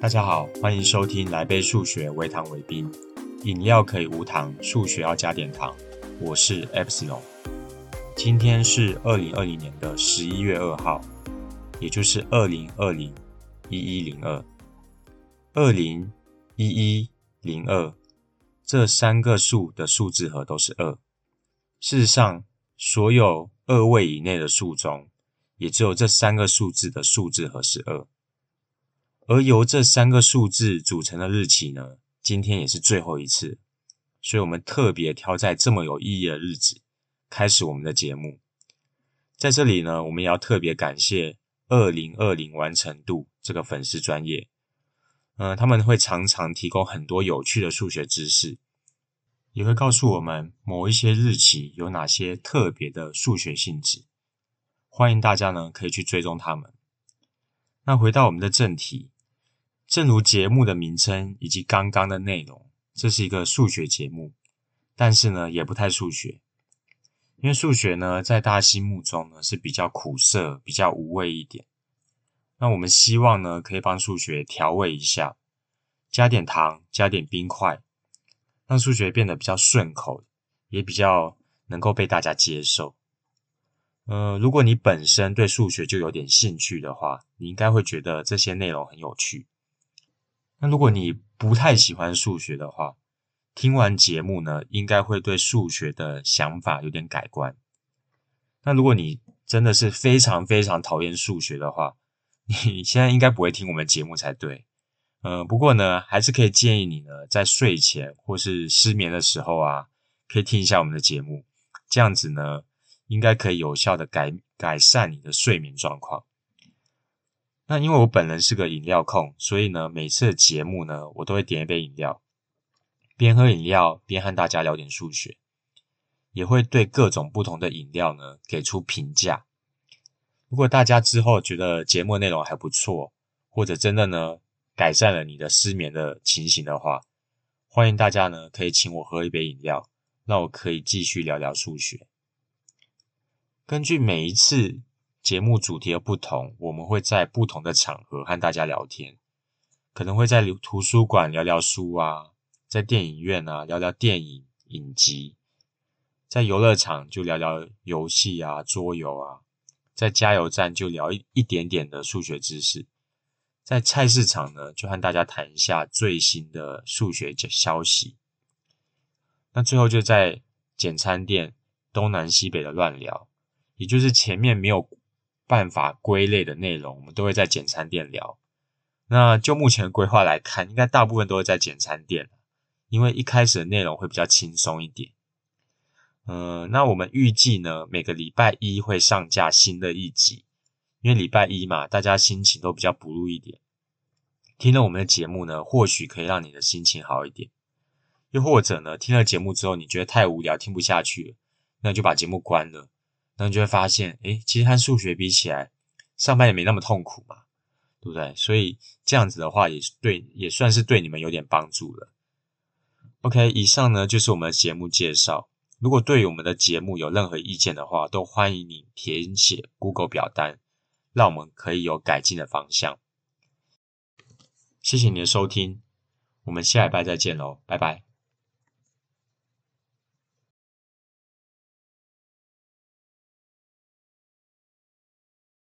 大家好，歡迎收聽《來杯數學》，微糖微冰，飲料可以無糖，數學要加點糖。我是 Epsilon，今天是二零二零年的十一月二號，也就是二零二零一一零二，二零一一零二這三個數的數字和都是二。事實上，所有二位以內的數中，也只有這三個數字的數字和是二。而由這三個數字組成的日期呢，今天也是最後一次，所以我們特別挑在這麼有意義的日子開始我們的節目。在這裡呢，我們也要特別感謝二零二零完成度這個粉絲專頁，嗯、呃，他們會常常提供很多有趣的數學知識，也會告訴我們某一些日期有哪些特別的數學性質。歡迎大家呢可以去追蹤他們。那回到我們的正題。正如節目的名稱以及剛剛的內容，這是一個數學節目，但是呢，也不太數學，因為數學呢，在大家心目中呢是比較苦澀、比較無味一點。那我們希望呢，可以幫數學調味一下，加點糖，加點冰塊，讓數學變得比較順口，也比較能夠被大家接受。嗯、呃，如果你本身對數學就有點興趣的話，你應該會覺得這些內容很有趣。那如果你不太喜歡數學的話，聽完節目呢，應該會對數學的想法有點改觀。那如果你真的是非常非常討厭數學的話，你現在應該不會聽我們節目才對。嗯、呃，不過呢，還是可以建議你呢，在睡前或是失眠的時候啊，可以聽一下我們的節目，這樣子呢，應該可以有效的改改善你的睡眠狀況。那因為我本人是個飲料控，所以呢，每次的節目呢，我都會點一杯飲料，邊喝飲料邊和大家聊點數學，也會對各種不同的飲料呢給出評價。如果大家之後覺得節目內容還不錯，或者真的呢改善，了你的失眠的情形的話，歡迎大家呢可以請我喝一杯飲料，讓我可以繼續聊聊數學。根據每一次。節目主題的不同，我們會在不同的場合和大家聊天，可能會在圖圖書館聊聊書啊，在電影院啊聊聊電影影集，在遊樂場就聊聊遊戲啊桌遊啊，在加油站就聊一一點點的數學知識，在菜市場呢就和大家談一下最新的數學消消息。那最後就在簡餐店東南西北的亂聊，也就是前面沒有。辦法歸類的內容，我們都會在簡餐店聊。那就目前的規劃來看，應該大部分都會在簡餐店了，因為一開始的內容會比較輕鬆一點。嗯，那我們預計呢，每個禮拜一會上架新的一集，因為禮拜一嘛，大家心情都比較不入一點。聽了我們的節目呢，或許可以讓你的心情好一點，又或者呢，聽了節目之後你覺得太無聊，聽不下去了，那就把節目關了。然後就會發現，哎，其實和數學比起來，上班也沒那麼痛苦嘛，對不對？所以這樣子的話，也是對，也算是對你們有點幫助了。OK，以上呢就是我們的節目介紹。如果對於我們的節目有任何意見的話，都歡迎你填寫 Google 表單，讓我們可以有改進的方向。謝謝你的收聽，我們下一拜再見嘍，拜拜。